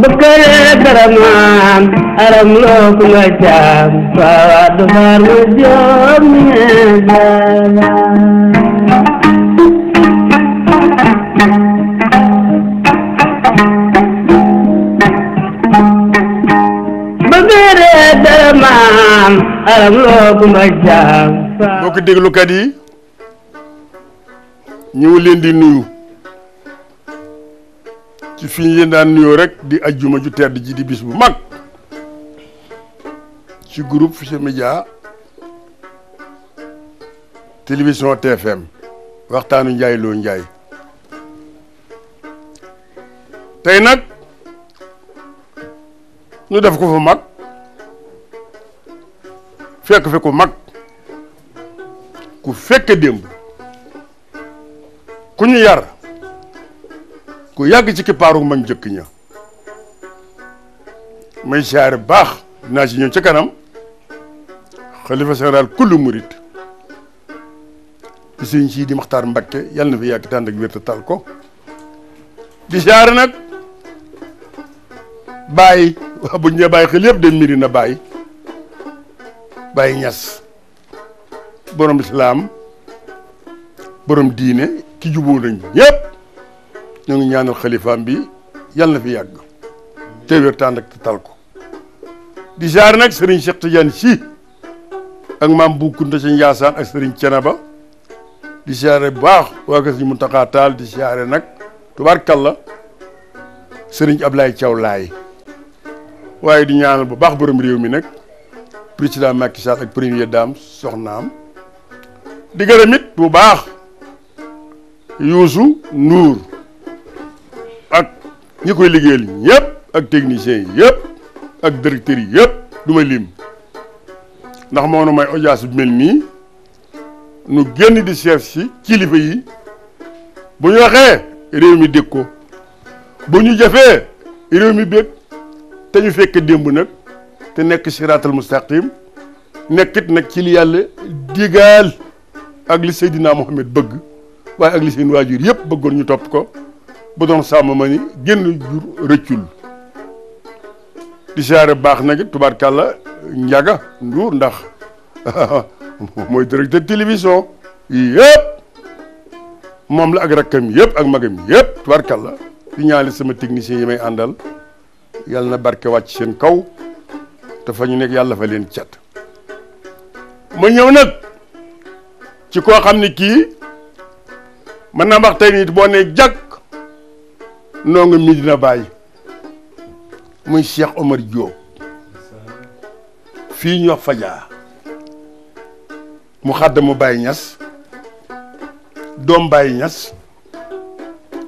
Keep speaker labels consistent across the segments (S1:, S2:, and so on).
S1: bëkkëlee karamaan aram loo ku nga jaam faawa dufaar joom mi jaala bëkkëlee karamaan aram loo ku nga jaam faawa boo ko déglukat yi leen di nuyu ci fi ñu daan nuyoo rek di ajjuma ju tedd ji di bis bu mag ci groupe Futurs Médias télévision TFM waxtaanu njaay Lo njaay tey nag ñu def ko fa mag fekk fi ku mag ku fekke démb ku ñu yar ku yàgg ci kippaaru mag njëkk ña may siyaare baax naa ci ñëw ca kanam xalifa général kullu murit di sëñ sii di maxtaar mbakke yàlla na fi yàgg tànd ak wér te tal di siyaare nag bàyyi waa bu ñu bàyyi xel yëpp dem miri na bàyyi bàyyi ñas borom islaam borom diine ki juboo nañ ñëpp ñoo ngi ñaanal xalifaam bi yàlla na fi yàgg te wér tànn te tal ko di jaar nag Serigne Cheikh Tidiane si ak maam bu Kunta ci Njaasaan ak Serigne Cenaba di siyaare bu baax waa ko Serigne Mountakha Tall di siyaare nag tubaarkalla Serigne Ablaye Thiaw Laay waaye di ñaanal bu baax borom réew mi nag président Macky Sall ak première dame soxnaam di gërëm bu baax Youssou Ndour ñi koy liggéeyal yëpp ak techniciens yi yëpp ak directeurs yi yëpp du ma lim ndax moo nu may audience bi mel nii nu génn di chef si kilifa yi bu ñu waxee réew mi dégg ko bu ñu jafee réew mi bég te ñu fekk démb nag te nekk siraatal mustaqim nekkit nag ci li yàlla digaal ak li Seydina Muhammad bëgg waaye ak li seen waajur yëpp bëggoon ñu topp ko bu doon sàmm ma ni génn jur rëccul di siyaare baax na ngi tubaarkàlla njaga nduur ndax mooy directeur télévision yëpp moom la ak rakkam yëpp ak magam yëpp tubaarkàlla di ñaali sama technicien yi may àndal yàlla na barke wàcc seen kaw te fa ñu nekk yàlla fa leen cat ma ñëw nag ci koo xam ne kii mën naa wax tey nit boo ne jag noo ngi Medina Baye muy Cheikh Omar Diop fii ñu wax Fajaa mu xàddamu Baye ñas doom Baye Niass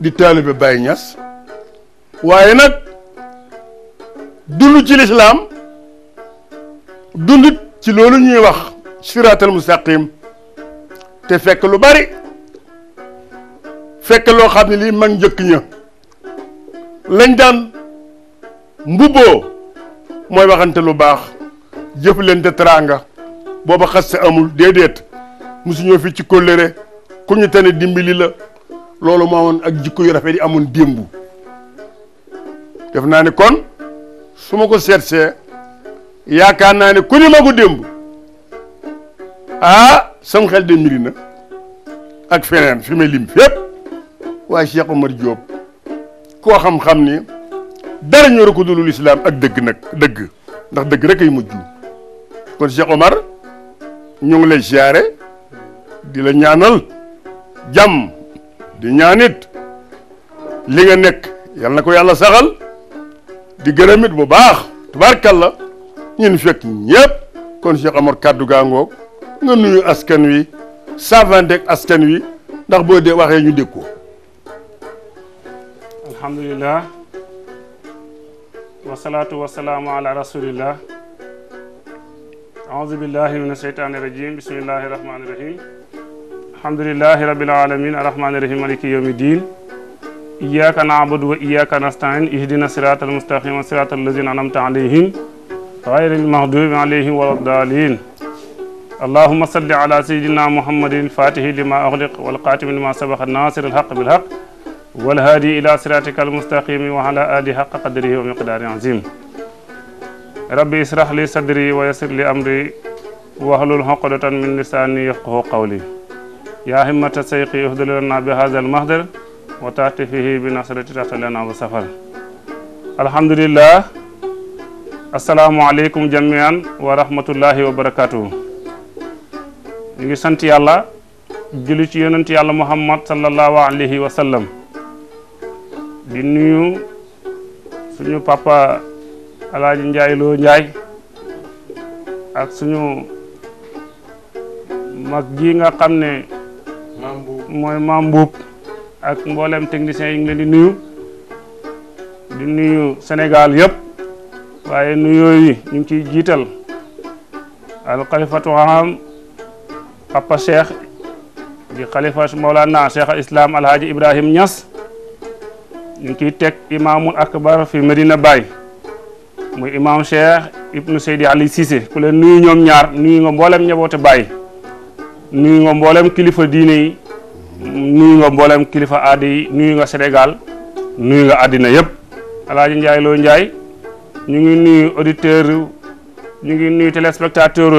S1: di taalibe Baye ñas waaye nag dund ci lislaam dundit ci loolu ñuy wax siraatal mustaqim te fekk lu bari fekk loo xam ne lii mag njëkk ña lañ daan mbubboo mooy waxante lu baax jëflante teraanga booba xaste amul déedéet mosuñoo fi ci kóllëre ku ñu tane dimbali la loolu moo amoon ak jikko yu rafet yi amul démb def naa ne kon su ma ko seetsee yaakaar naa ne ku ni ma démb ah sam xel de mbiri ak feneen fi may lim fépp waaye Cheikh Omar Diop ko xam-xam ni dara ñoru ko dulul islam ak dëgg nag dëgg ndax dëgg rek ay mujj kon Cheikh Omar ñu ngi lay siyaare di la ñaanal jàmm di ñaanit li nga nekk yalla na ko yàlla saxal di gërëmit bu baax tubaarkàlla ñun fekk ñëpp kon Cheikh Omar kàddu gaangoog nga nuyu askan wi savante askan wi ndax boo dee waxee ñu dégg ko
S2: alhamdulilah wasalaatu wasalaamu ala rasulillah aoudu billahi min asheytaani rajim bismillahi rahmani rahim alhamdulilahi rabil alamin arrahmani rahim maliki yawmi din iyyaka na'budu wa iyyaka nasta'in ihdina siratal mustaqima siratal lazina an'amta alayhim ghayril maghdubi alayhim waladdaalin allahumma salli ala sayidina muhammadin fatihi lima ughliq wal xaatimi lima sabaqa nasir alhaq bilhaq والهادي إلى صراطك المستقيم وعلى آله حق قدره ومقدار عظيم ربي اسرح لي صدري ويسر لي أمري واحلل عقدة من لساني يفقه قولي يا همة السيقي اهدل لنا بهذا المهدر وتأتي فيه بنصرة تحت لنا وسفر الحمد لله السلام عليكم جميعا ورحمة الله وبركاته نيغي سانت يالا جولي سي يونت يالا محمد صلى الله عليه وسلم di nuyu suñu papa alaaji njaay loo njaay ak suñu mag ji nga xam ne mooy maam ak mboolem technicien yi ngi leen di nuyu di nuyu Sénégal yëpp waaye nuyoo yi ñu ngi ciy jiital alxalifatu am papa cheikh di xalifa Mawlana cheikh al islam alhaaji ibrahim ñas ñu ngi ciy teg imaamul akbar fi Medina Baye muy imaam Cheikh Ibnu Seydi Ali Cissé ku leen nuyu ñoom ñaar nuyu nga mboolem ñeboote Baye nuyu nga mboolem kilifa diine yi nuyu nga mboolem kilifa aada yi nuyu nga Sénégal nuyu nga àddina yëpp Alaaji Njaay Loo Njaay ñu ngi nuyu auditeur ñu ngi nuyu téléspectateur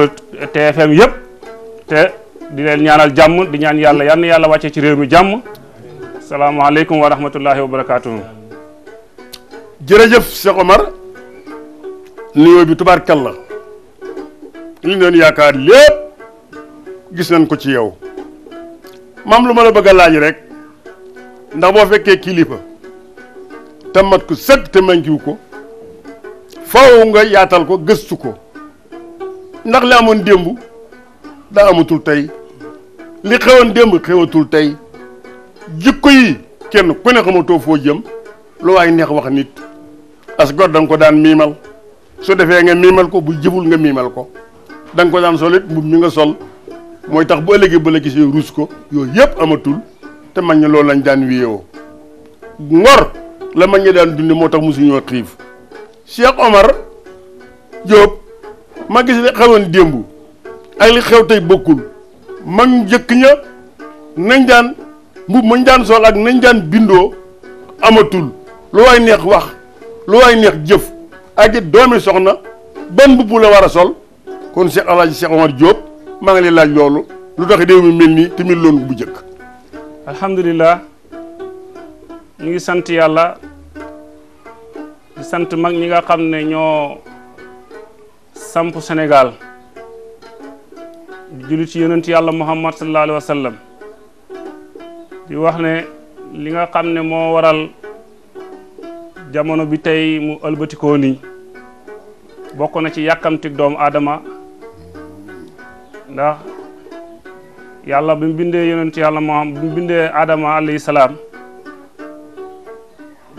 S2: TFM yëpp te di leen ñaanal jàmm di ñaan yàlla yann yàlla wàccee ci réew mi jàmm salaamaaleykum wa rahmatullahi wa barakaatu. jërëjëf Cheikh Omar nuyoo bi tubaarkalla li ñu doon yaakaar lépp
S1: gis nañ ko ci yow mam lu ma la bëgg a laaj rek ndax boo fekkee kilifa te mat ko sëkk te mankiw ko faaw nga yaatal ko gëstu ko ndax li amoon démb daa amatul tey li xewoon démb xewatul tey jikko yi kenn ku ne xamatoo foo jëm lu waay neex wax nit as gor da nga ko daan miimal su defee nga miimal ko bu jëful nga miimal ko da ko daan sol it mbub mi nga sol mooy tax bu ëllëgee ba la gisee ruus ko yooyu yëpp amatul te mag ñi loolu lañ daan wiyoo ngor la ñi daan dundi moo tax mosuñoo xiif Cheikh Omar Diop ma gis li xewoon démb ak li xew tey bokkul mag njëkk ña nañ daan mbubb mañ daan sol ak nañ daan bindoo amatul lu waay neex wax lu waay neex jëf ak it doomi soxna ban mbubb la war a sol kon Cheikh Alaaji Cheikh Omar Diop maa ngi lay laaj loolu lu tax réew mi mel nii te loon bu jëkk
S2: alhamdulilah ñu ngi sant yàlla sant mag ñi nga xam ne ñoo samp Sénégal di julli ci yonent yàlla Muhammad sallallahu alayhi wa sallam di wax ne li nga xam ne moo waral jamono bi tey mu ëlbatikoo nii bokk na ci yàkkamtik doomu aadama ndax yàlla bi mu bindee yonent yàlla moom bi mu bindee aadama alayhi salaam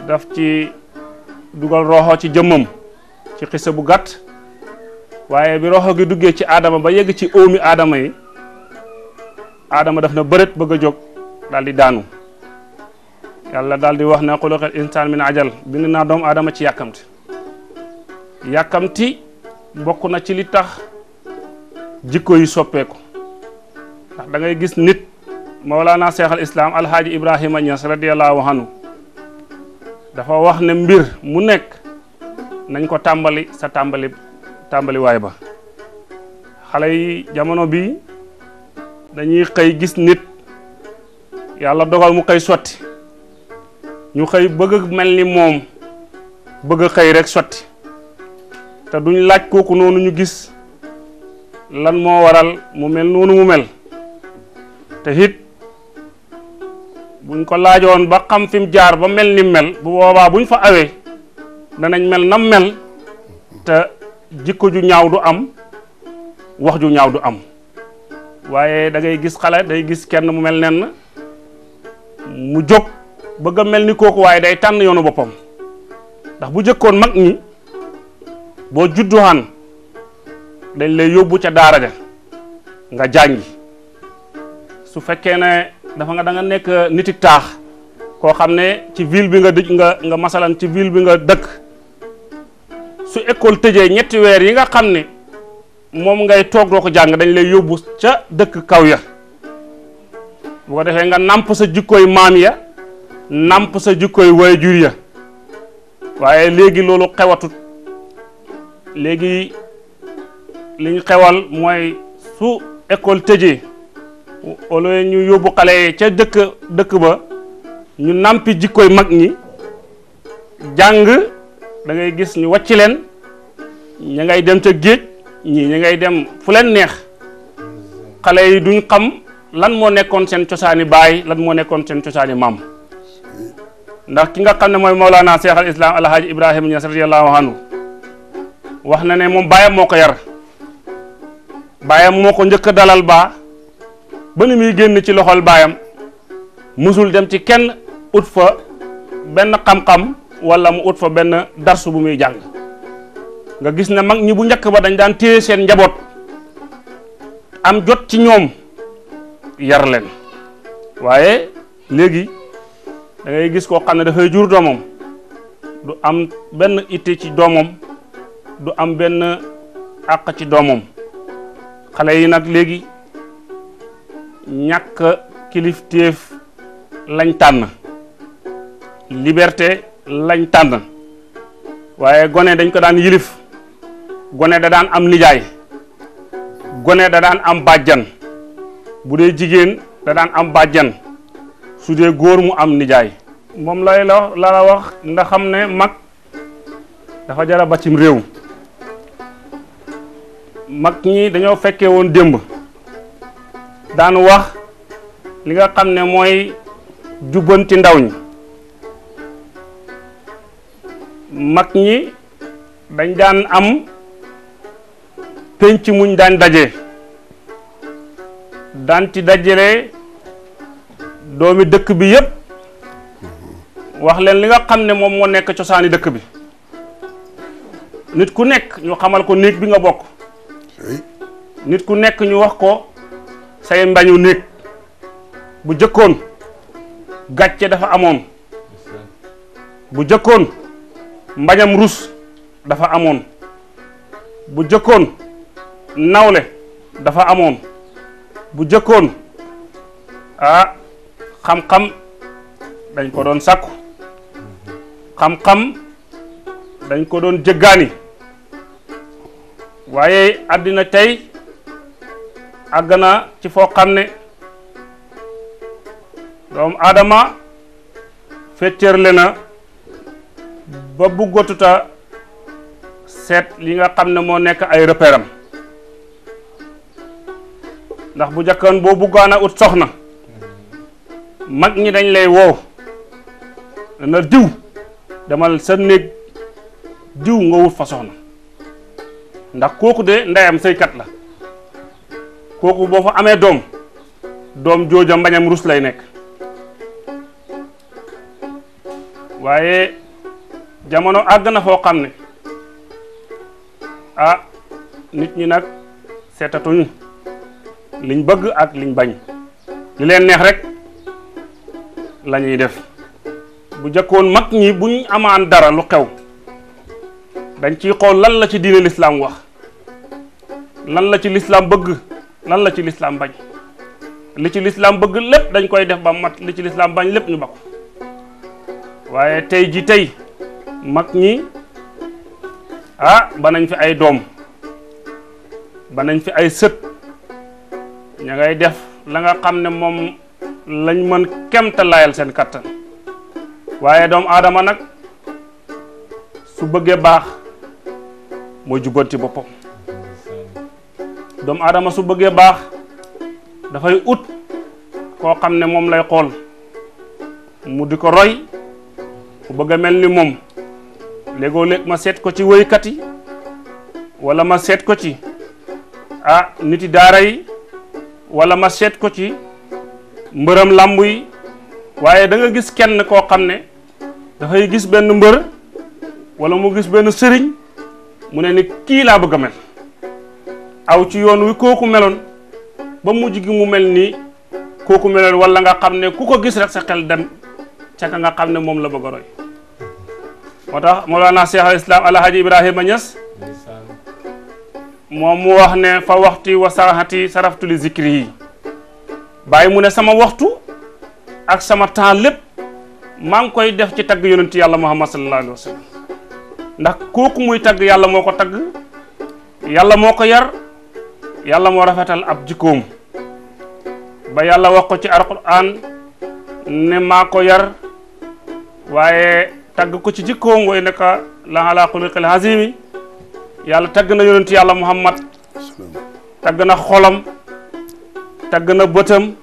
S2: daf ci dugal roxo ci jëmmam ci xisa bu gàtt waaye bi roxo gi duggee ci aadama ba yegg ci óomi aadama yi aadama daf na bërët bëgg a jóg daal di daanu yàlla daal di wax ne xuliqal insaan min ajal bind na doomu aadama ci yàkkamti yàkkamti bokk na ci li tax jikko yi soppeeku dangay gis nit Mawlana Cheikh al Islam Alhaaji Ibrahima Niass radiyallahu anhu dafa wax ne mbir mu nekk nañ ko tàmbali sa tàmbali tàmbaliwaay ba xale yi jamono bi dañuy xëy gis nit yàlla dogal mu xëy sotti ñu xëy bëgg mel ni moom bëgg xëy rek sotti te duñ laaj kooku noonu ñu gis lan moo waral mu mel noonu mu mel te it buñ ko laajoon ba xam fi jaar ba mel ni mel bu boobaa buñ fa awee danañ mel nam mel te jikko ju ñaaw du am wax ju ñaaw du am waaye da gis xale day gis kenn mu mel nenn mu jóg bëgg a mel ni kooku waaye day tànn yoonu boppam ndax bu jëkkoon mag ñi boo judduwaan dañ lay yóbbu ca daara ja nga jàngi su fekkee ne dafa nga danga nga nekk nitik taax koo xam ne ci ville bi nga dëj nga nga masalan ci ville bi nga dëkk su école tëjee ñetti weer yi nga xam ne moom ngay toog doo ko jàng dañ lay yóbbu ca dëkk kaw ya bu ko defee nga namp sa jikkooy maam ya namp sa jikkooy waajur ya waaye léegi loolu xewatut léegi liñ xewal mooy su école tëjee wala ñu yóbbu xale yi ca dëkk dëkk ba ñu nampi jikkooy mag ñi jàng dangay gis ñu wàcc leen ña ngay dem ca géej ñi ña ngay dem fu leen neex xale yi duñ xam lan moo nekkoon seen cosaani baay lan moo nekkoon seen cosaani maam ndax ki nga xam ne mooy Mawlana Cheikh al Islam El Hadj Ibrahima Niass radiyallahu anhu wax na ne moom baayam moo ko yar baayam moo ko njëkk a dalal baa ba ni muy génn ci loxol baayam musul dem ci kenn ut fa benn xam-xam wala mu ut fa benn darsu bu muy jàng nga gis ne mag ñi bu njëkk ba dañ daan téye seen njaboot am jot ci ñoom. yar leen waaye léegi da ngay gis koo xam ne dafay jur doomam du am benn itte ci doomam du am benn àq ci doomam xale yi nag léegi ñàkk kilifteef lañ tànn liberté lañ tànn waaye gone dañ ko daan yilif gone da daan am nijaay gone da daan am bàjjan bu dee jigéen da daan am bàjjan su dee góor mu am nijaay moom lay la la wax ndax xam ne mag dafa jara bàccim réew mag ñi dañoo fekkee woon démb daan wax li nga xam ne mooy jubbanti ndaw ñi mag ñi dañ daan am penc muñ daan daje danti dajale doomi dëkk bi yëpp wax leen li nga xam ne moom moo nekk cosaani dëkk bi nit ku nekk ñu xamal ko néeg bi nga bokk nit ku nekk ñu wax ko say mbañu néeg bu jëkkoon gàcce dafa amoon bu jëkkoon mbañam rus dafa amoon bu jëkkoon nawle dafa amoon bu jëkkoon ah xam-xam dañ ko doon sàkku xam-xam dañ ko doon jëggaani waaye àddina tey àgg ci foo xam ne doomu aadama féccërle na ba buggatuta seet li nga xam ne moo nekk ay repéram ndax bu jëkkoon boo buggaan a ut soxna mag ñi dañ lay woow na diw demal sa néeg diw nga wut fa soxna ndax kooku de ndeyam sëykat la kooku boo fa amee doom doom jooja mbañam rus lay nekk waaye jamono àgg na foo xam ne a ah, nit ñi nag seetatuñu liñ bëgg ak liñ bañ li leen neex rek lañuy ñuy def bu jëkkoon mag ñi buñ amaan dara lu xew dañ ciy xool lan la ci diine lislaam wax lan la ci lislaam bëgg lan la ci lislaam bañ li ci lislaam bëgg lépp dañ koy def ba mat li ci lislaam bañ lépp ñu bako waaye tey ji tey mag ñi ah banañ fi ay doom banañ fi ay sët ña ngay def la nga xam ne moom lañ mën kemta layal seen kattan waaye doomu aadama nag su bëggee baax mooy jubbanti boppam doomu aadama su bëggee baax dafay ut koo xam ne moom lay xool mu di ko roy ku bëgg mel ni moom léegoo léeg ma seet ko ci wéykat yi walla ma seet ko ci ah niti daara wala ma seet ko ci mbëram làmb yi waaye danga gis kenn koo xam ne dafay gis benn mbër wala mu gis benn sëriñ mu ne ni kii laa bëgg a mel aw ci yoon wi kooku meloon ba mu jig mu mel nii kooku meloon wala nga xam ne ku ko gis rek sa xel dem ca ka nga xam ne moom la bëgg a roy moo tax Mawlana Cheikh al Islam Alhaji Ibrahima Niass moom mu wax ne fa waxti wa saaxati saraftu li zikri yi mu ne sama waxtu ak sama temps lépp maa ngi koy def ci tagg yonent yàlla muhammad sallallahu alayhi wa sallam ndax kooku muy tagg yàlla moo ko tagg yàlla moo ko yar yàlla moo rafetal ab jikkoom ba yàlla wax ko ci alquran ne maa ko yar waaye tagg ko ci jikkoom way naka la ala xuluqil azimi yàlla tagg na yonent yàlla muhammad tagg na xolam tagg na bëtam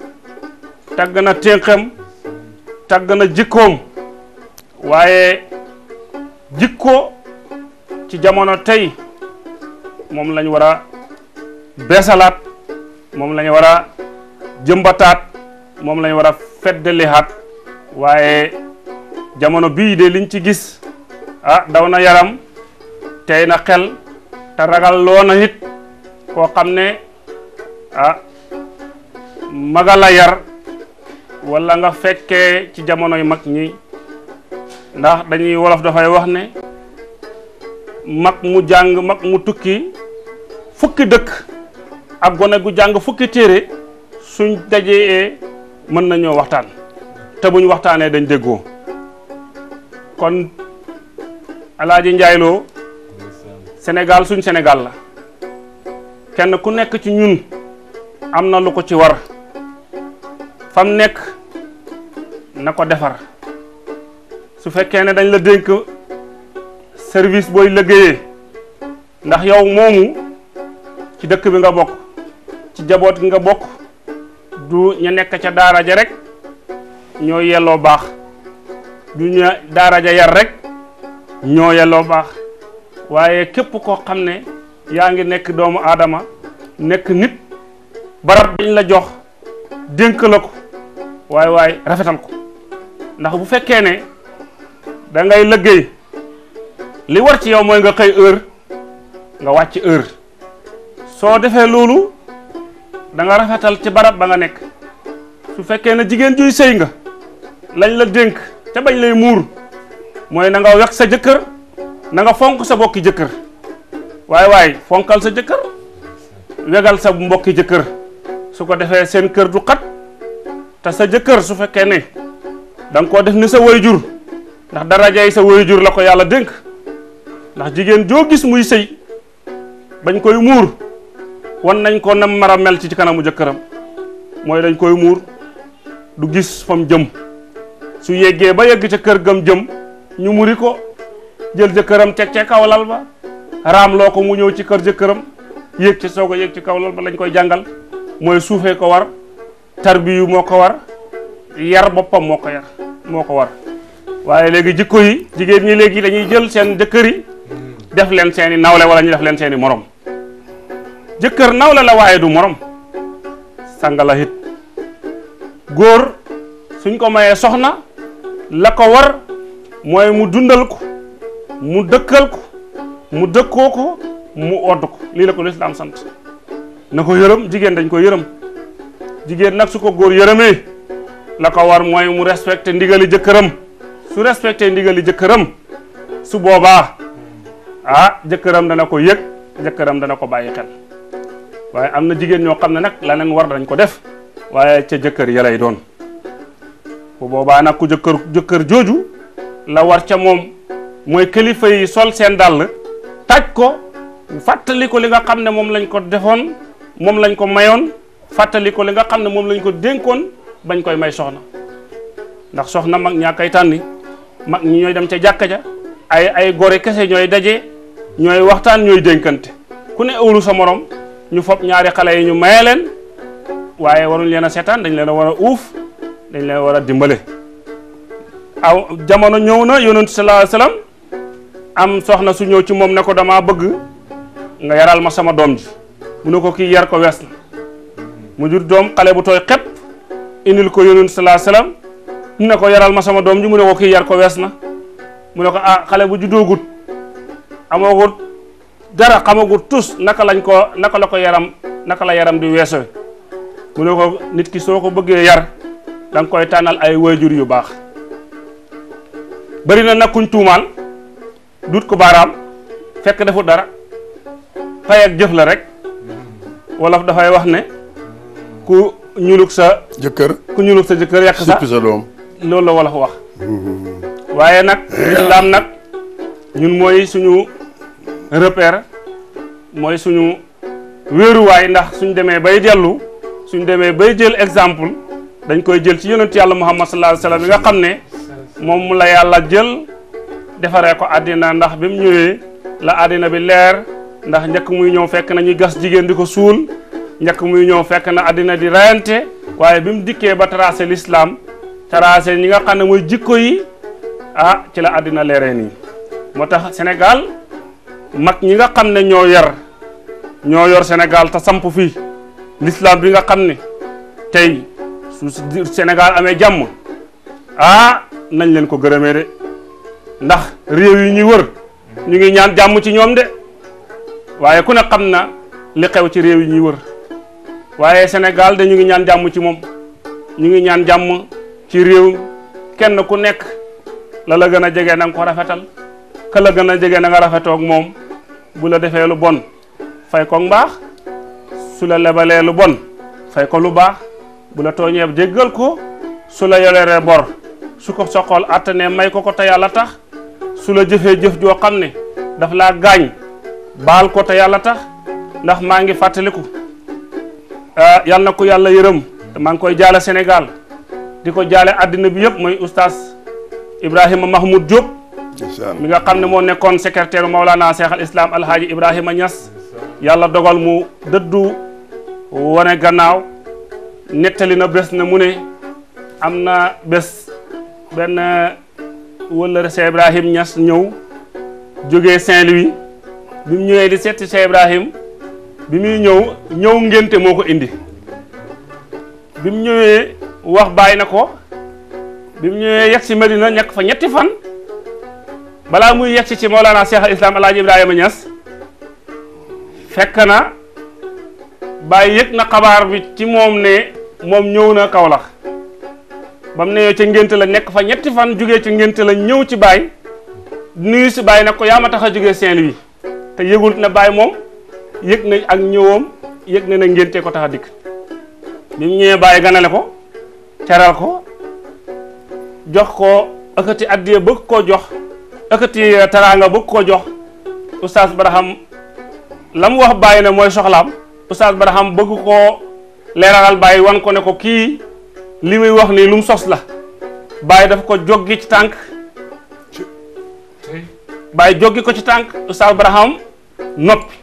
S2: tagg na ténqam tagg na jikkoom waaye jikko ci jamono tey moom lañ war a beesalaat moom lañ war a jëmbataat moom lañ war a feddalihaat waaye jamono bii de liñ ci gis ah daw na yaram tey na xel te ragal loo na nit koo xam ne ah maga yar wala nga fekkee ci jamonoy mag ñi ndax dañuy wolof dafay wax ne mag mu jàng mag mu tukki fukki dëkk ak gone gu jàng fukki téere suñ dajee mën nañoo waxtaan te buñ waxtaanee dañ déggoo kon Alaaji Njaay Sénégal suñ Sénégal la kenn ku nekk ci ñun am na lu ko ci war fam nekk na ko defar su fekkee ne dañ la dénk service booy liggéeyee ndax yow moomu ci dëkk bi nga bokk ci jaboot gi nga bokk du ña nekk ca daara ja rek ñoo yelloo baax du ña daara ja yar rek ñoo yelloo baax waaye képp koo xam ne yaa ngi nekk doomu aadama nekk nit barab biñ la jox dénk la ko waaye waaye rafetal ko ndax bu fekkee ne dangay ngay li war ci yow mooy nga xëy heure nga wàcc heure soo defee loolu danga rafetal ci barab ba nga nekk su fekkee ne jigéen juy sëy nga lañ la dénk ca bañ lay muur mooy na nga sa jëkkër nanga fonk sa bokki jëkkër waaye waaye fonkal sa jëkkër wegal sa mbokki jëkkër su ko defee seen kër du xat te sa jëkkër su fekkee ne da nga koo def ni sa waajur ndax darajay sa waajur la ko yàlla dénk ndax jigéen joo gis muy sëy bañ koy muur wan nañ ko nam mara mel ci ci kanamu jëkkëram mooy dañ koy muur du gis fam jëm su yeggee ba yegg ca kër gam jëm ñu muri ko jël jëkkëram teg ce kaw lal ba raam loo ko mu ñëw ci kër jëkkëram yéeg ci soog a ci kaw lal ba lañ koy jàngal mooy suufee ko war tarbiyu moo ko war yar boppam moo ko yar moo ko war waaye léegi jikko yi jigéen ñi léegi dañuy jël seen jëkkër yi def leen seeni nawle wala ñu def leen seeni morom jëkkër nawle la waaye du morom sàngala it góor suñ ko mayee soxna la ko war mooy mu dundal ko mu dëkkal ko mu dëkkoo ko mu odd ko lii la ko lislaam sant na ko yërëm jigéen dañ ko yërëm jigéen nag su ko góor yërëmee la ko war mooy mu respecté ndigali jëkkëram su respecté ndigali jëkkëram su boobaa ah jëkkëram dana ko yëg jëkkëram dana ko bàyyi xel waaye am na jigéen ñoo xam ne nag la neen war dañ ko def waaye ca jëkkër ya lay doon bu boobaa nag ku jëkkër jooju la war ca moom mooy kilifa yi sol seen dàll taj ko fàttali ko li nga xam ne moom lañ ko defoon moom lañ ko mayoon fàttali ko li nga xam ne moom lañ ko dénkoon bañ koy may soxna ndax soxna mag ñaa koy tànni mag ñooy dem ca jàkka ja ay ay gore kese ñooy daje ñooy waxtaan ñooy dénkante ku ne ëwlu sa morom ñu foob ñaari xale yi ñu maye leen waaye waruñ leen a seetaan dañ leen a war a uuf dañ leen war a dimbale aw ñëw na yonent sallallahu am soxna su ñëw ci moom ne ko damaa bëgg nga yaral ma sama doom ji mu ne ko kii yar ko wees na mu jur doom xale bu tooy xepp indil ko yonent salaa salaam ne ko yaral ma sama doom ji mu ne ko kii yar ko wees na mu ne ko ah xale bu juddoogut amoogut dara xamagut tus naka lañ ko naka la ko yaram naka la yaram di weesoo mu ne ko nit ki soo ko bëggee yar da koy tànnal ay waajur yu baax bëri na nag tuumaal duut ko baaraam fekk defut dara fay ak jëf la rek wolof dafay wax ne ku ñuulug sa jëkkër ku ñuulug sa jëkkër yàq sa sa doom loolu la wolof wax waaye nag lislaam nag ñun mooy suñu repère mooy suñu wéeruwaay ndax suñu demee bay dellu suñu demee bay jël exemple dañ koy jël ci yonent yàlla muhammad sallallahu alayhi wa sallam yi nga xam ne moom la yàlla jël defaree ko àddina ndax bi mu ñëwee la àddina bi leer ndax njëkk muy ñëw fekk na ñuy gas jigéen di ko suul njëkk muy ñëw fekk na àddina di rayante waaye bi mu dikkee ba tracé l'islam tracé ñi nga xam ne mooy jikko yi ah ci la àddina leere nii moo tax Sénégal mag ñi nga xam ne ñoo yar ñoo yor Sénégal ta samp fii l'islam bi nga xam ne tey su Sénégal amee jàmm ah nañ leen ko gërëmee de ndax réew yi ñuy wër ñu ngi ñaan jàmm ci ñoom de waaye ku ne xam na li xew ci réew yi ñuy wër waaye Sénégal de ñu ngi ñaan jàmm ci moom ñu ngi ñaan jàmm ci réew kenn ku nekk la la gën a jege na ko rafetal ka la gën a jege na nga rafetoog moom bu la defee lu bon fay ko mbaax su la lebalee lu bon fay ko lu baax bu la tooñee jéggal ko su la yoreree bor su ko soxal àtt may ko ko te yàlla tax sula jëfee jëf joo xam ne daf la gaañ baal ko te yàlla tax ndax maa ngi fàttaliku ah, yal na ko yàlla yërëm maa ngi koy jaale Sénégal di ko jaale àddina bi yëpp mooy oustaz Ibrahima Mahmoud Diop mi nga xam ne moo nekkoon secrétaire Maolana Cheikh al Islam Alhaaji Ibrahima Niass yàlla dogal mu dëddu wane gannaaw nettali na bés na mu ne am na bés wëllëre Cheikh Ibrahim Niass ñëw jóge Saint-Louis bi mu ñëwee di seeti Cheikh Ibrahim bi muy ñëw ñëw ngénte moo ko indi bi mu ñëwee wax bàyyi na ko bi mu ñëwee yegg si Medina ñekk fa ñetti fan balaa muy yegg si ci Mawlana Cheikh al Islam Alaaji Ibrahima Niass fekk na bàyyi yëg na xabaar bi ci moom ne moom ñëw na kaw Kaolack ba mu neyoo ca ngénte la nekk fa ñetti fan jugee ca ngénte la ñëw ci baay nuyu si bàyyi nag ko yaa ma tax a jógee seen louis te yëgul na bàyyi moom yëg nañ ak ñëwoom yëg na na ngéntee ko tax a dikk bi mu ñëwee baay ganale ko caral ko jox ko ëkkati addiya bëgg koo jox ëkkati euh, taraanga bëgg koo jox oustaz Barham la mu wax bàyyi ne mooy soxlaam oustaz Barham bëgg koo leeralal bàyyi wan ko ne ko kii li muy wax nii lu mu sos la bàyyi dafa ko joggi ci tànk bàyyi joggi ko ci tànk Oustaz baraxam noppi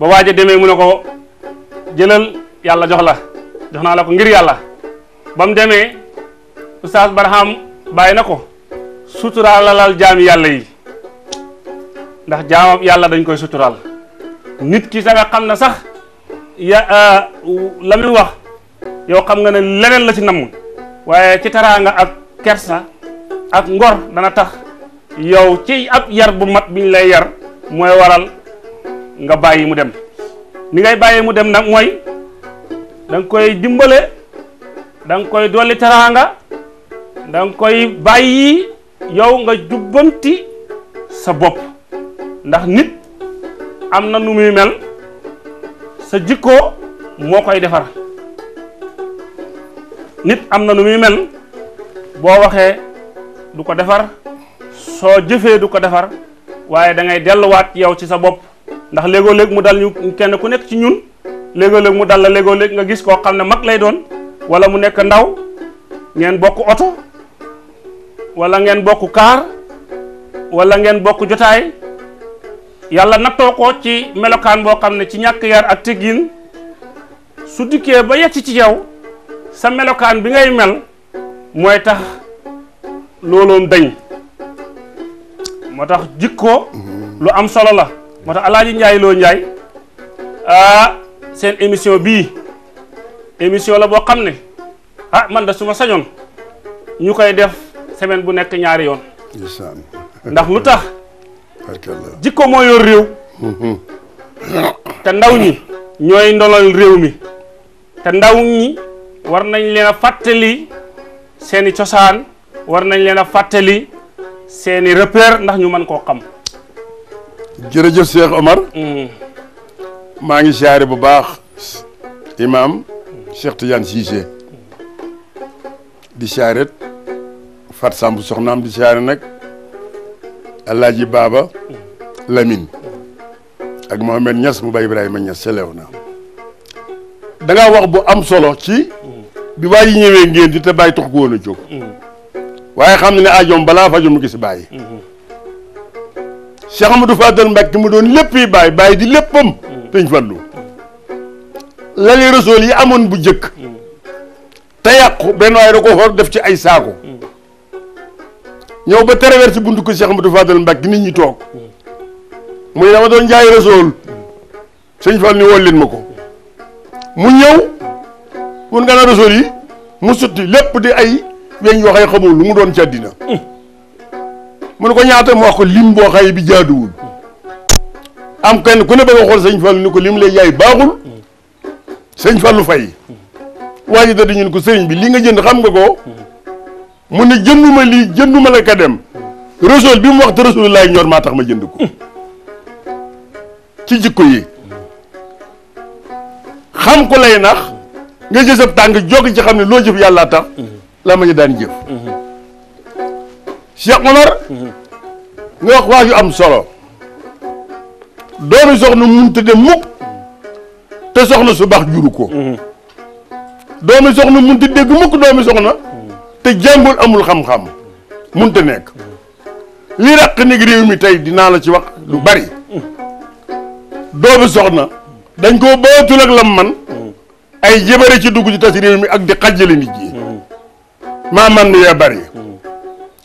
S2: ba waaja demee mu ne ko jëlal yàlla jox la jox naa la ko ngir yàlla ba mu demee Oustaz Ibrahima bàyyi na ko suturaal laal jaami yàlla yi ndax jaamam yàlla dañ koy suturaal nit ki sa xam na sax ya euh, la muy wax yow xam nga ne leneen la ci namm waaye ci taraanga ak kersa ak ngor dana tax yow ci ab yar bu mat biñ lay yar mooy waral nga bàyyi mu dem ni ngay bàyyi mu dem nag mooy danga koy dimbale da koy dolli taraanga da koy bàyyi yow nga jubbanti sa bopp ndax nit am na nu muy mel sa jikko moo koy defar nit am na nu muy mel boo waxee du ko defar soo jëfee du ko defar waaye dangay delluwaat yow ci sa bopp ndax léegoo léeg mu dal kenn ku nekk ci ñun léegoo léeg mu dal la léegoo léeg nga gis koo xam ne mag lay doon wala mu nekk ndaw ngeen bokk oto wala ngeen bokk kaar wala ngeen bokk jotaay yàlla nattoo ko ci melokaan boo xam ne ci ñàkk yar ak teggin su dikkee ba yegg ci yow. sa melokaan bi ngay mel mooy tax looloon dañ moo tax jikko lu am solo la moo tax Alaaji Njaay Loo Njaay ah, seen émission bii émission la boo xam ne ah man da suma sañoon ñu koy def semaine bu nekk ñaari yoon ndax lu tax jikko moo yor réew te ndaw ñi ñooy ndolal réew mi te ndaw ñi war nañ leen a fàttali seeni cosaan war nañ leen a fàttali seeni repère ndax ñu man koo xam.
S1: jërëjëf Cheikh Omar. Mm. maa ngi siyaare bu baax imaam Cheikh Tidiane Cissé di siyaare Fat Samb soxnaam di siyaare nag Alaaji Baaba Lamine ak Mohamed Niass mu bay Ibrahima Niass selew na da nga wax bu am solo ci. bi waa ji ñëwee ngeen di te bàyyi tax ko woon a jóg waaye xam ne ne ajoom balaa fajo mu gis bàyyi Cheikh Amadou Fadal Mbacke mu doon lépp yi bàyyi bàyyi di léppam sëñ Fallu lali rasool yi amoon bu jëkk te yàqu benn waaye da ko xool def ci ay saako ñëw ba traversé buntu ko Cheikh Amadou Fadal Mbacke nit ñi toog muy dama doon jaay rasool sëñ Fall ni woon ma ko mu ñëw wun nga na rasool yi mu sutti lépp di ay weñ waxay xay xamul lu mu doon ci àddina mu ne ko ñaata mu wax ko lim boo bi jaaduwul am kenn ku ne bëgg a xool sëñ Fallou ni ko lim lay yaay baaxul sëñ Fallou fay waa ji da ñun ko sëriñ bi li nga jënd xam nga ko mu ne jënduma lii jënduma la ka dem rasool bi mu wax te rasool laay ñor maa tax ma jënd ko ci jikko yi xam ko lay nax nga jël sa tànk jog ci xam ne loo jëf yàllaa tax mhm. la ma ñu daan jëf mhm. Cheikh Omar mhm. nga wax waa ju am solo doomi soxna mun tëdde mukk te soxna su baax juru ko doomi soxna mun te dégg mukk doomi soxna te jàngul amul xam-xam mun te nekk li ràq nigi réew mi tey dinaa la ci wax lu bari doomi soxna dañ koo bootul ak lam man ay jëbëri ci dugg ci tas réew mi ak di xajjale nit ñi maa man ni yaa bari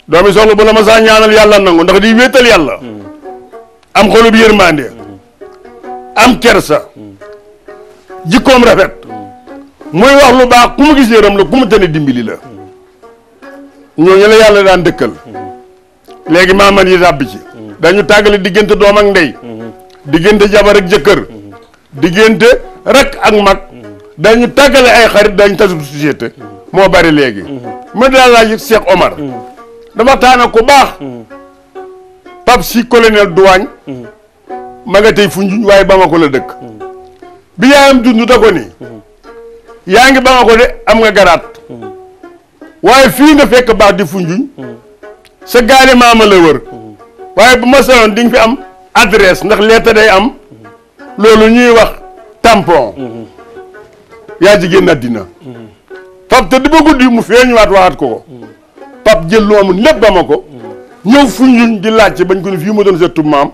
S1: doomi soxla bu la ma saa ñaanal yàlla nangu ndax di wéetal yàlla am xolub yërmande am kersa jikkoom rafet muy wax lu baax ku mu gis la ku mu tane dimbali la ñooñu la yàlla daan dëkkal ma maaman yi ràbb ci dañu tàggale diggante doom ak ndey diggante jabar ak jëkkër diggante rak ak mag dañu tàggale ay xarit dañu tasub société moo bari léegi mm-hmm. ma daal laa yit Cheikh Omar mm-hmm. dafa taana ku baax mm-hmm. Pape si colonel Douagne ma nga tey Foundiougne waaye Bamako la dëkk bi yaayam dund ko ni yaa ngi Bamako de am nga garaat waaye fii nga fekk baax di Foundiougne sa gaari maama la wër waaye bu ma sayoon di fi am adresse ndax lettre day am loolu ñuy wax tampon yaa ci génn àddina pap te di ba guddi mu feeñuwaat waxaat ko ko pap jël lu amoon lépp ba ma ko ñëw fu ñu di laajte bañ ko ne fii ma doon seetu maam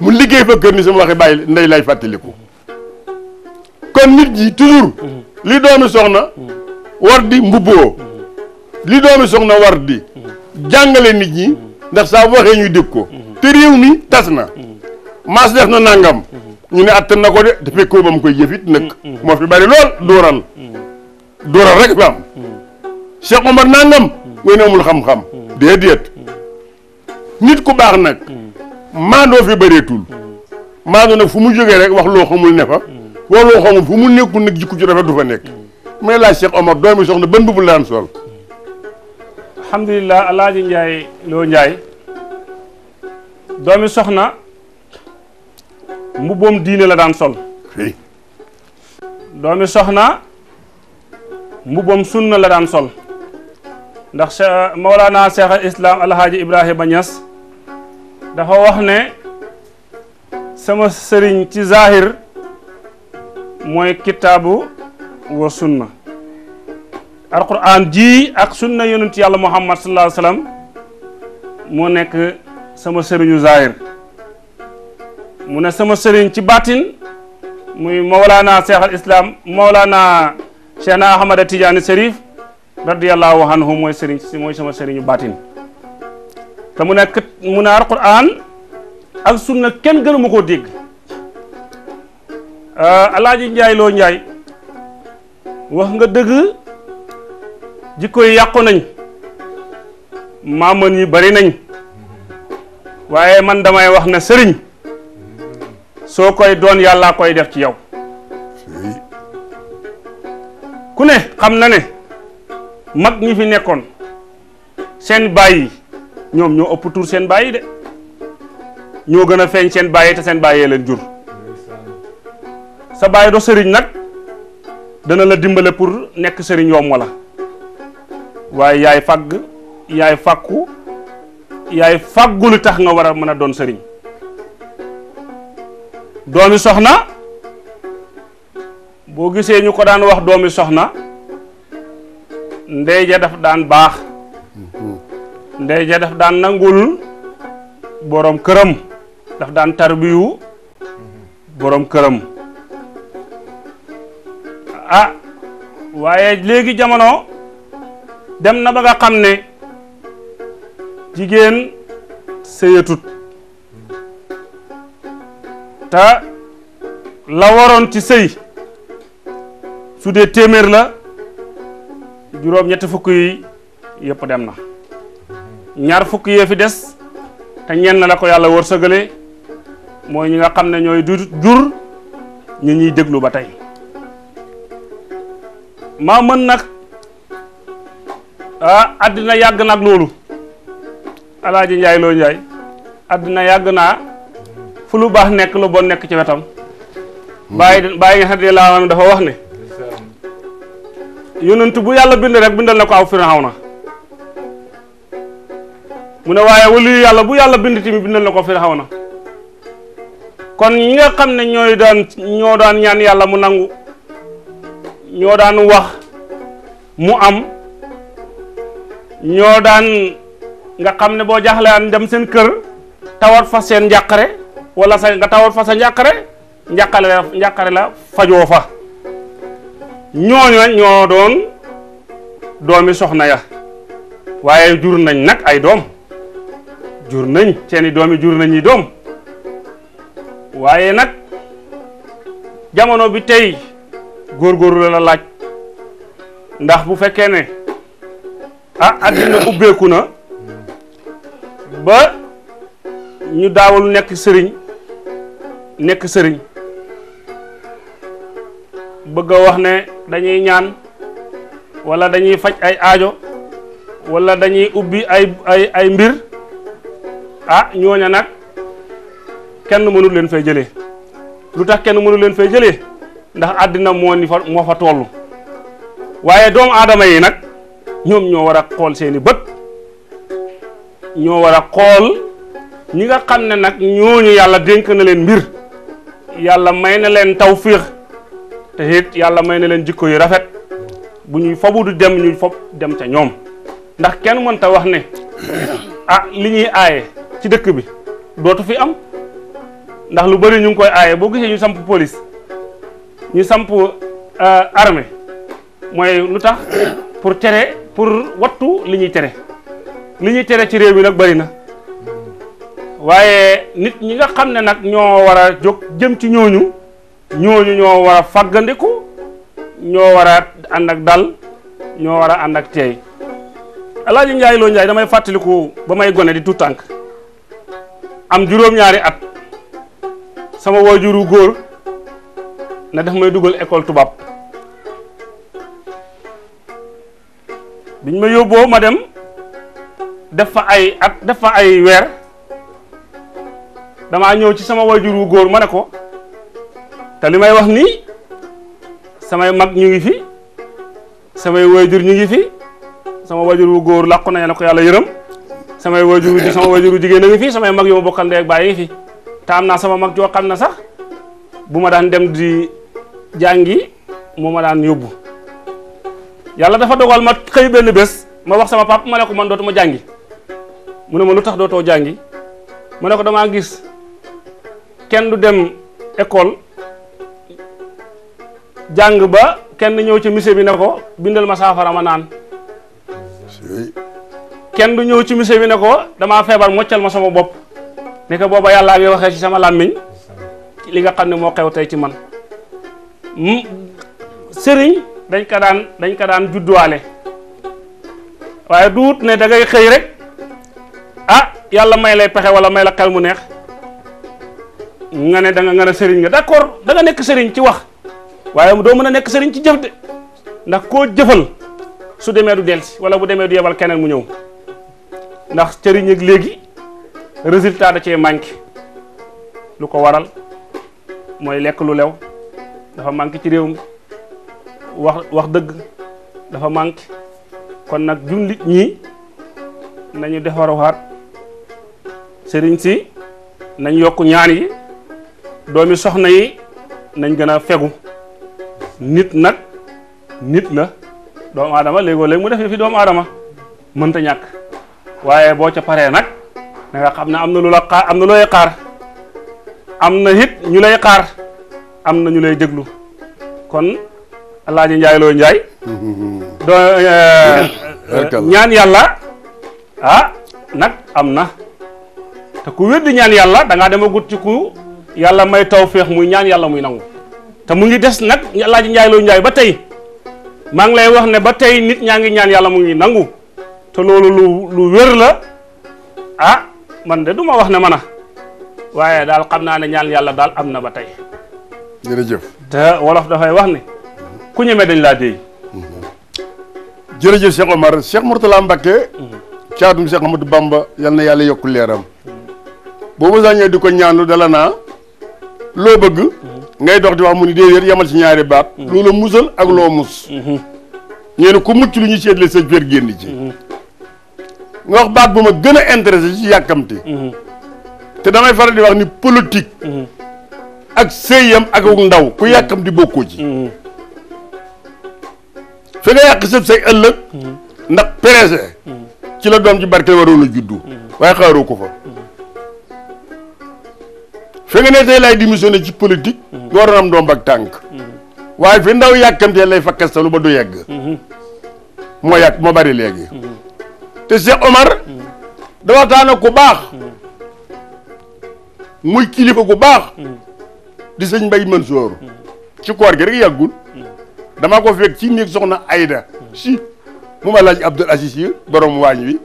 S1: mu liggéey fa kër ni sama waxi bàyyi ndey lay fàttaliku kon nit ñi toujours li doomi soxna war di mbubboo li doomi soxna war di jàngale nit ñi ndax saa waxee ñuy dégg ko te réew mi tas na maas def na nangam ñu ne attan na ko de te fekkoo ba mu koy jëf it nag. fi mm, mm. bari lool dooral. Mm. dooral rek fi am. Cheikh Omar nangam. ngeen amul xam-xam. déedéet. nit ku baax nag. maandoo fi maa maandoo nag fu mu jógee rek wax loo xamul ne fa. wax loo xamul fu mu nekkul nag jikko ci rafet du fa nekk. may laa Cheikh Omar doomi soxna ban mbubb la daan sol.
S2: alhamdulilah Alaaji Njaay loo Njaay doomi soxna. mbubbom diine la daan sol doomi soxna mbubboom sunna la daan sol ndax Mawlana Cheikh Islam Alhaaji Ibrahima Niass dafa wax ne sama sëriñ ci zahir mooy kitaabu wa sunna alquran ji ak sunna yonent yàlla Muhammad sallallahu alayhi wa moo nekk sama sëriñu zahir mu ne sama sëriñ ci baatin muy mawlaana cheikh al islam mawlaana cheikhna ahmada tidiane sérif radiallahu anhu mooy sëriñ si mooy sama sëriñu baatin te mu nekk mu ne alquran ak sunna kenn gënu ma koo dégg euh, alaaji njaay loo njaay wax nga dëgg jikko yi yàqu nañ maamoon yi bari nañ waaye man damay wax na sëriñ soo koy doon yàllaa koy def ci yow ku ne xam na ne mag ñi fi nekkoon seen baay ñoom ñoo ëpp tur seen baay de ñoo gën a feeñ seen baay te seen baay yee leen jur sa baay do sëriñ nag dana la dimbale pour nekk sëriñ yomb wala waaye yaay fàgg yaay fàkku yaay fàggulu tax nga war a mën a doon sëriñ doomi soxna boo gisee ñu ko daan wax doomi soxna ndey ja daf daan baax ndey daf daan nangul boroom këram daf daan tarbiyu boroom këram ah waaye léegi jamono dem na ba nga xam ne jigéen sëyatut te la waroon ci sëy su dee téeméer la juróom ñetti fukk yi yëpp dem na ñaar fukk yee fi des te ñenn la ko yàlla wërsëgale mooy ñi nga xam ne ñooy du jur ñi ñuy déglu ba tey maa mën nag ah yàgg nag loolu alaaji njaay loo njaay àddina yàgg naa fu lu baax nekk lu bon nekk ci wetam bàyyi bàyyi nga ne dafa wax ne yonent bu yàlla bind rek bindal na ko aw firawna mu ne waaye waliyu yàlla bu yàlla bind tamit bindal na ko firawna kon ñi nga xam ne ñooy daan daan ñaan yàlla mu nangu ñoo daan wax mu am ñoo daan nga xam ne boo jaaxle an dem seen kër tawat fa seen njàqare wala sa nga tawat fa sa njàqare njàqare la fajoo fa ñooñu nag ñoo doon doomi soxna ya waaye jur nañ nag ay doom jur nañ seeni doomi jur nañ yi doom waaye nag jamono bi tey góor la la laaj ndax bu fekkee ne ah àddina ubbeeku na ba ñu daawul nekk sëriñ nekk sëriñ bëgg wax ne dañuy ñaan wala dañuy faj ay aajo wala dañuy ubbi ay ay mbir ah ñooña nag kenn mënul leen fay jële lu tax kenn mënul leen fay jëlee ndax àddina moo ni fa moo fa toll waaye doom aadama yi nag ñoom ñoo war a xool seeni bët ñoo war a xool ñi nga xam ne nag ñooñu yàlla dénk na leen mbir yàlla may na leen tawfiix te it yàlla may na leen jikko yu rafet bu ñuy fobu du dem ñu fob dem ca ñoom ndax kenn mënta wax ne ah li ñuy aaye ci dëkk bi dootu fi am ndax lu bari ñu ngi koy aaye boo gisee ñu samp police ñu samp euh, armée mooy lu tax pour tere pour wattu li ñuy tere li ñuy tere ci réew mi nag bari na waaye nit ñi nga xam ne nag ñoo war a jóg jëm ci ñooñu ñooñu ñoo war a ñoo war a ànd ak dal ñoo war a ànd ak teey Alaaji Njaay Loo Njaay damay fàttaliku ba may gone di tout tànk am juróom-ñaari at sama waajuru góor na daf may dugal école tubaab biñ ma yóbboo ma dem def fa ay at def fa ay weer damaa ñëw ci sama wajur wu góor ma ne ko te li may wax nii samay mag ñu ngi fi samay wajur ñu ngi fi sama wajur wu góor làqu na ne ko yàlla yërëm samay wajur wu sama jigéen a ngi fi samay mag yu ma bokkal ndey ak fi te am naa sama mag joo xam ne sax bu ma daan dem di jàngi moo ma daan yóbbu yàlla dafa dogal ma xëy benn bés ma wax sama papa ma ne ko man dootuma jàngi mu ne ma lu tax dootoo jàngi ma ne ko damaa gis. kenn du dem école jàng ba kenn ñëw ci mise bi ne ko bindal ma saafara ma naan kenn du ñëw ci musée bi ne ko damaa feebar moccal ma sama bopp ne ko booba yàllaa ngi waxee ci sama làmmiñ li nga xam ne moo xew tey ci man sëriñ dañ ko daan dañ ko daan judduwaale waaye duut ne da xëy rek ah yàlla may lay pexe wala may la xel mu neex nga ne da nga nga ne sëriñ nga d'accord da nekk sëriñ ci wax waaye doo mën a nekk sëriñ ci jëf de ndax koo jëfal su demee du delsi wala bu demee du yebal keneen mu ñëw ndax sëriñ ak léegi résultat da cee manqué lu ko waral mooy lekk lu lew dafa manqué ci réew mi wax wax dëgg dafa manqué kon nag jullit ñi nañu defaruwaat sëriñ si nañ yokk ñaan yi doomi soxna yi nañ gën a fegu nit nag nit la doomu aadama léegoo léeg mu def fi doomu aadama mënta ñàkk waaye boo ca paree nag da xam ne am na lu la xaar am na looy xaar am na it ñu lay xaar am na ñu lay déglu kon Alaaji Njaay looy Njaay eh, ñaan yàlla ah, nag am na te ku weddi ñaan yàlla da ngaa demagut ci ku yàlla may tawféex muy ñaan yàlla muy nangu te mu ngi des nag Alaaji Njaay Lo Njaay ba tey maa ngi lay wax ne ba tey nit ñaa ngi ñaan yàlla mu ngi nangu te loolu lu wér la ah man de du ma wax ne man a waaye daal xam naa ne ñaan yàlla daal am na ba tey. jërëjëf. te wolof dafay wax ne ku ñeme dañ laa déy.
S1: jërëjëf Cheikh Omar Cheikh Mourtala Mbacké. Mm-hmm. caatum Cheikh Amadou Bamba yal na yàlla yokk leeram. boobu sax ñëw di ko ñaanlu dala naa. loo bëgg ngay dox di wax mu ni déedéet yamal ci ñaari baat mm-hmm. loo la musal ak loo mus mm-hmm. ñee ku mucc lu ñu seetle sa kër génn ci mm-hmm. nga wax baat bu ma gën a intéressé ci yàkkamte te damay faral di wax ni politique ak sëyam ak ndaw ku yàkkamti bokkoo ci fi nga yàq sëb say ëllëg ndax pressé ci la doom ci barke waroon a juddu waaye xaaroo ko fa fi nga ne tey laay démissionné ci politique. nga mhm. waroon am doom ak tànk. Mhm. waaye fi ndaw yàkkamtee lay fakkastalu ba du yegg. Mhm. moo yàgg moo bari léegi. te Cheikh Omar. da waxtaan ak baax. muy kilifa ku baax. di sëñ Mbaye Mansour. ci koor gi rek yàggul. damaa ko fekk ci néeg soxna Aida. si mu ma laaj Abdoul Aziz borom waañ wi.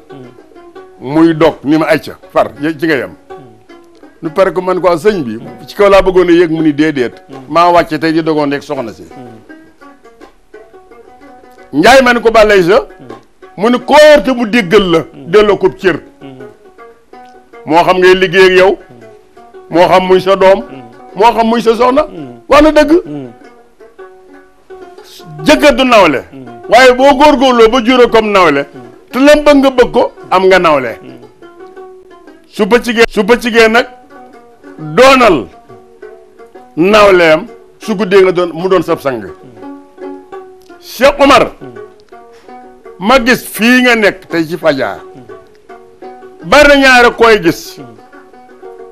S1: muy dog ni ma acca far ci nga yem. nu pare ko man ko sëñ bi ci kaw laa bëggoon a yéeg mu ni déedéet maa wàcce tey di dogoon yeeg soxna si njaay man ko bàllay sa mu ni kóorte bu déggal la delloo ko cër moo xam ngay liggéey yow moo xam muy sa doom moo xam muy sa soxna wax na dëgg jëkkër du nawle waaye boo góorgóorloo ba juró comme nawle te lam bëgg nga bëgg ko am nga nawle su bëccëgee su bëccëgee nag doonal nawleem su guddee nga doon mu doon sab sang Cheikh Omar ma gis fii nga nekk tey ci Fadia bari na ñaari koy gis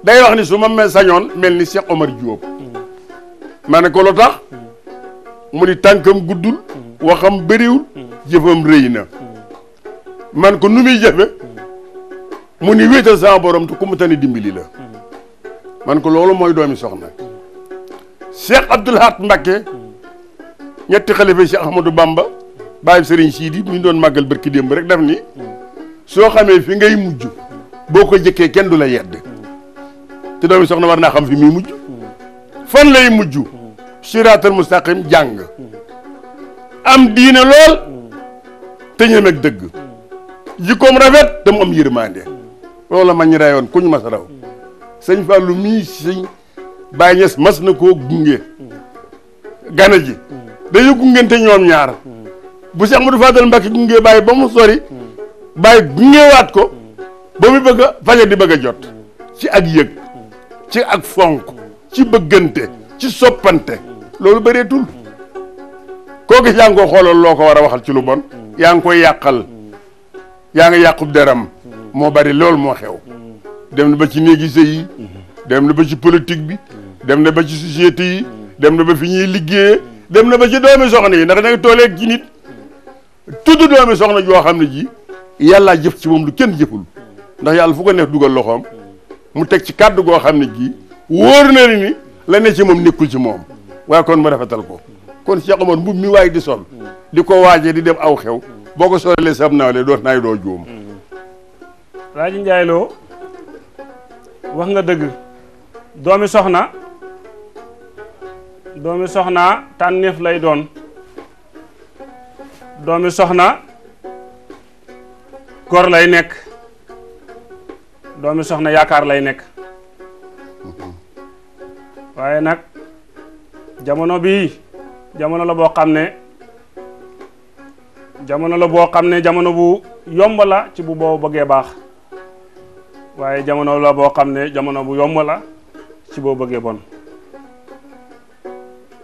S1: day wax ni su ma mel sañoon mel ni Cheikh Omar Diop ma ko lu tax mu ni tànkam guddul waxam bëriwul jëfam rëy man ko nu muy jëfe mu ni wéetal sama te ku mu tani dimbali la man ko loolu mooy doomi soxna Cheikh Abdoul Ahad Mbacké ñetti xalifa Cheikh du bàmba bàyyi Serigne Sidi mi doon màggal barki démb rek daf ni soo xamee fi ngay mujj boo ko jëkkee kenn du la yedd te doomi soxna war naa xam fi muy mujj fan lay mujj siraatal mustaqim jàng am diine lool te ñeme ak dëgg jikkoom rafet te mu am yërmande loolu la ma ñu rayoon ku ñu mas sëñ Fallou mii sëñ Baye Niass mas na koo gunge gane ji dañu gungente ñoom ñaar bu Cheikh Amadou Fadal Mbacke gunge Baye ba mu sori Baye gungewaat ko ba mu bëgg a di bëgg jot ci ak yëg ci ak fonk ci bëggante ci soppante loolu bëreetul koo gis yaa ngi ko xoolal loo ko war a waxal ci lu bon yaa ngi koy yàqal yaa ngi yàqub deram moo bari loolu moo xew dem na ba ci néegi yi mhm. dem na ba ci politique bi dem na ba ci société yi dem na ba fi ñuy liggéeye dem na ba ci doomi soxna yi ndax danga tooleeg ci nit tudd doomi soxna joo xam ne ji yàllaa jëf ci moom lu kenn jëful ndax yàlla fu ko neex dugal loxoom mu teg ci kàddu goo xam ne ji wóor na ni la ne ci moom nekkul ci moom waaye kon ma rafetal ko kon Cheikh Omar mbubb mi waaye di sol di ko waajee di dem aw xew boo ko solee sam naawle doot naay doo juum
S2: Laaji Njaay Lo wax nga dëgg doomi soxna doomi soxna tànneef lay doon doomi soxna góor lay nekk doomi soxna yaakaar lay nekk waaye nag jamono bii jamono la boo xam ne jamono la boo xam ne jamono bu yomb la ci bu boo bëggee baax waaye jamono la boo xam ne jamono bu yomb la ci boo bëggee bon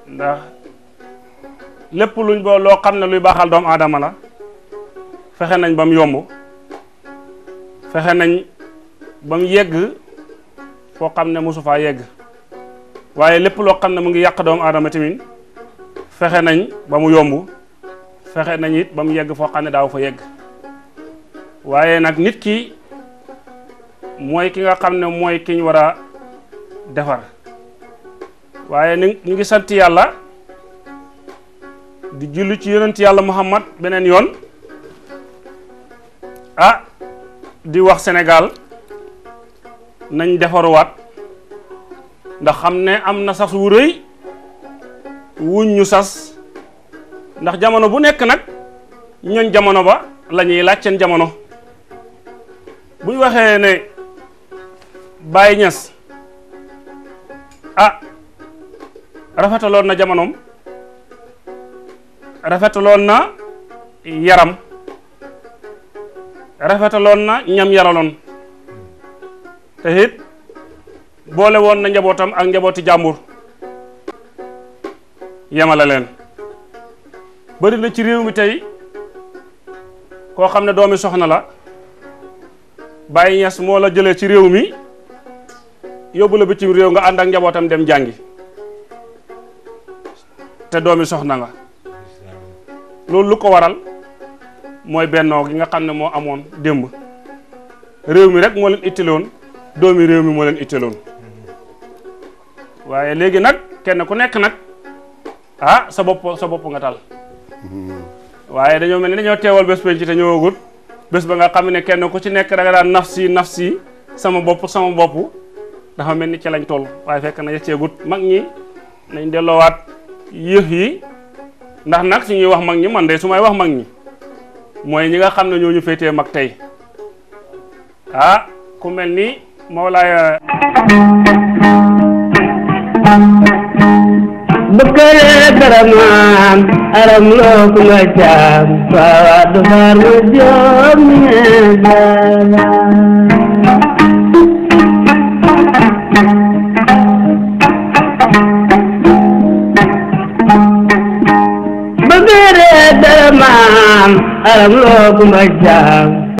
S2: ndax lépp luñ loo xam ne luy baaxal doomu aadama la fexe nañ ba mu yomb fexe nañ ba yegg foo xam ne mosu yegg waaye lépp loo xam ne mu ngi yàq doomu aadama tamit fexe nañ ba mu yomb fexe nañ it ba mu yegg foo xam ne daaw fa yegg waaye nag nit ki mooy ki nga xam ne mooy ki ñu war defar waaye ni ñu ngi sant yàlla di julli ci yonent yàlla Muhammad beneen yoon ah di wax senegal nañ defaruwaat ndax xam ne am na sas wu rëy wuñ ñu sas ndax jamono bu nekk nag ñooñ jamono ba lañuy ñuy jamono buñ waxee ne Baye Niass a ah, rafetaloon na jamonoom rafetaloon na yaram rafetaloon na ñam yaraloon te it boole woon na njabootam ak njabooti jàmbur yemale leen bëri na ci réew mi tey koo xam ne doomi soxna la Baye Niass moo la jëlee ci réew mi yóbbu la bitim réew nga ànd ak njabootam dem jàngi te doomi soxna nga loolu lu ko waral mooy bennoo gi nga xam ne moo amoon démb réew mi rek moo leen itteloon doomi réew mi moo leen itteloon waaye léegi nag kenn ku nekk nag ah sa bopp sa bopp nga tal waaye dañoo mel ni dañoo teewal bés penc te ñëwagut bés ba nga xam ne kenn ku ci nekk da nga si nafsi si sama bopp sama bopp dafa mel ni ci lañ toll waaye fekk na yegseegut mag ñi nañ delloowaat yëf yi ndax nag su ñuy wax mag ñi man de su may wax mag ñi mooy ñi nga xam ne ñoo ñu féetee mag tey ah ku mel ni Mawlaaya eh,
S1: bëkkale karamaan aram loo ku nga jaam faawaat du faar mu joom alam loo ku ma jaam